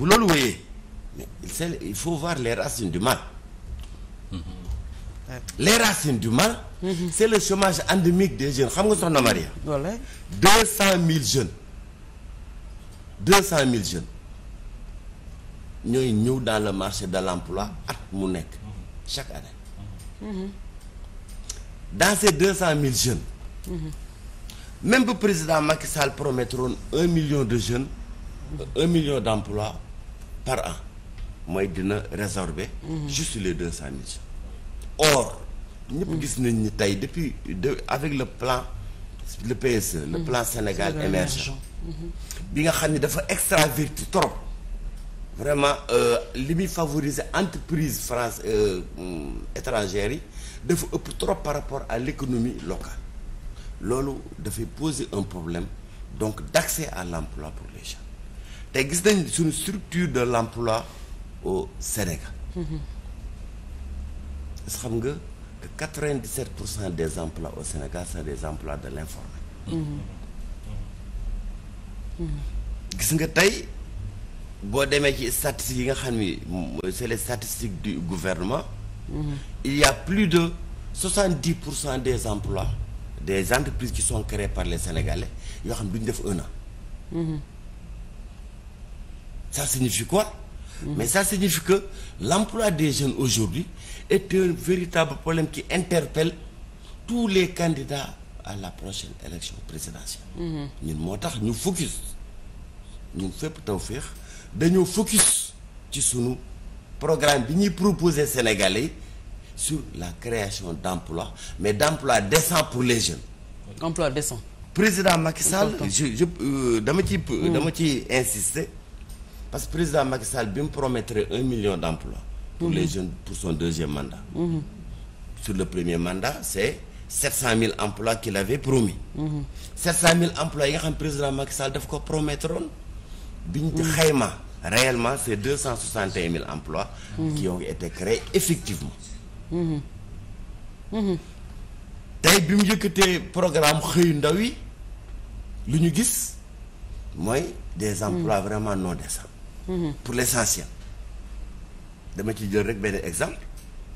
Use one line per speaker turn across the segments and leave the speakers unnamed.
bu loolu wéyee mais il faut voir les racines du mal mm -hmm. les racines du mal mm -hmm. c'est le chômage endémique des jeunes xam nga soxna Maria deux cent mille jeunes deux cent mille jeunes ñooy ñëw dans le marché de l'emploi at mu nekk chaque année mm -hmm. deux cent mille jeunes mhm. même bu président Macky Sall promettroon un million de jeunes un million d'emplois par an mooy dina résorber juste les deux cent mille or ñëpp gis nañ ni tey depuis de avec le plan le PSE le mm-hmm. plan Sénégal émergent mm-hmm. bi nga xam ne dafa extraverti trop vraiment euh, li muy favoriser entreprise France euh, mm, étrangères yi dafa ëpp trop par rapport à l'économie locale loolu dafay poser un problème donc d'accès à l'emploi pour les gens te gis nañ suñu structure de l'emploi au Sénégal est-ce xam nga que 97 pour cent des emplois au Sénégal c'est des emplois de l'informel gis nga tey boo demee ci statistiques yi nga xam ni c'est les statistiques du gouvernement il y a plus de 70 pour cent des emplois des entreprises ci sont créées par les yoo xam duñ def un an mmh. ça signifie quoi mm-hmm. mais ça signifie que l'emploi des jeunes aujourd'hui est un véritable problème qui interpelle tous les candidats à la prochaine élection présidentielle mm-hmm. ñun moo tax ñu focus ñun fépp Tawfekh dañoo focus sunu programme bi ñuy proposer Sénégalais sur la création d'emplois mais d'emplois décents pour les jeunes emploi décent président Macky Sall euh, dama ci mm. dama ci insister parce que président Macky Sall bi mu promettre un million d' emplois pour mhm. les jeunes pour son deuxième mandat mhm. sur le premier mandat c'est sept cent mille emplois qu'il avait promis mhm. sept mille emplois yi nga xam président Macky Sall daf ko promettre woon biñ xayma réellement c'est deux cent soixante et un mille emplois qui ont été créés effectivement tey bi mu yëkkatee programme xëyu ndaw yi lu ñu gis mooy des emplois vraiment non décents Mhm. pour l'essentiel dama ci jël rek benn exemple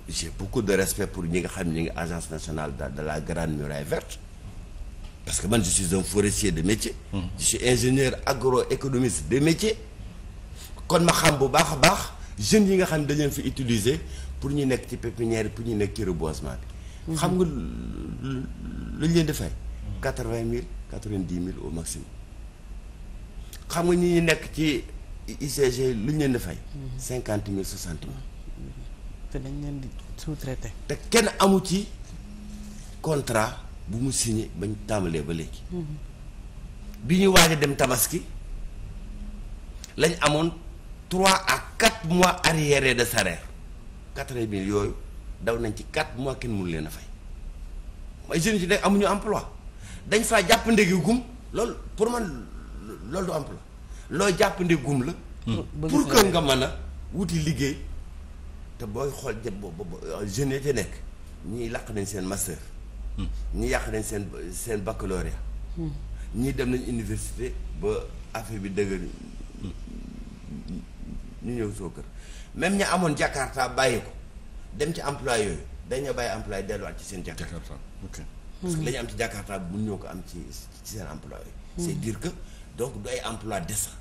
j'ai beaucoup de respect pour ñi nga xam ne ñi ngi agence nationale de la grande muraille verte parce que man je suis un forestier de métier mhm. je suis ingénieur agroéconomiste de métier kon ma xam bu baax a baax jeunes yi nga xam ne dañ fi utiliser pour ñu nekk ci pépinière pour ñu nekk ci reboisement bi mhm. xam nga lu lu leen di fay quatre-vingt mille quatre-vingt-dix mille au maximum xam nga ñi nekk ci UCG lu ñu leen di fay. cinquante mille soixante mille. te dañ leen di sous-traité. te kenn amu ci contrat bu mu signé bañ tàmbalee ba léegi. bi ñu waaj a dem tabaski lañ amoon trois à quatre mois arriérés de salaire quatre-vingts mille yooyu daw nañ ci quatre mois kenn mënu leen a fay mooy jeunes yi dañ amuñu emploi dañ faa jàpp ndéggugum loolu pour man loolu du emploi. loo jàppandi gum la. Hmm. pour que nga mën a wuti liggéey. te booy xool jë boobu jeunes yi ci nekk ñii làq nañ seen master. Hmm. ñii yàq nañ seen seen baccalauréat. Hmm. ñii dem nañ université ba affaire bi dëgër ñu ñëw soo kër même ña amoon jakarta bàyyi ko dem ci emploi yooyu dañ dañoo bàyyi emploi delluwaat ci seen jakarta. ok parce que la ñu am ci jakarta bu ñëw ko am ci ci seen emploi yooyu. c'est dire que. donc du ay emploi décent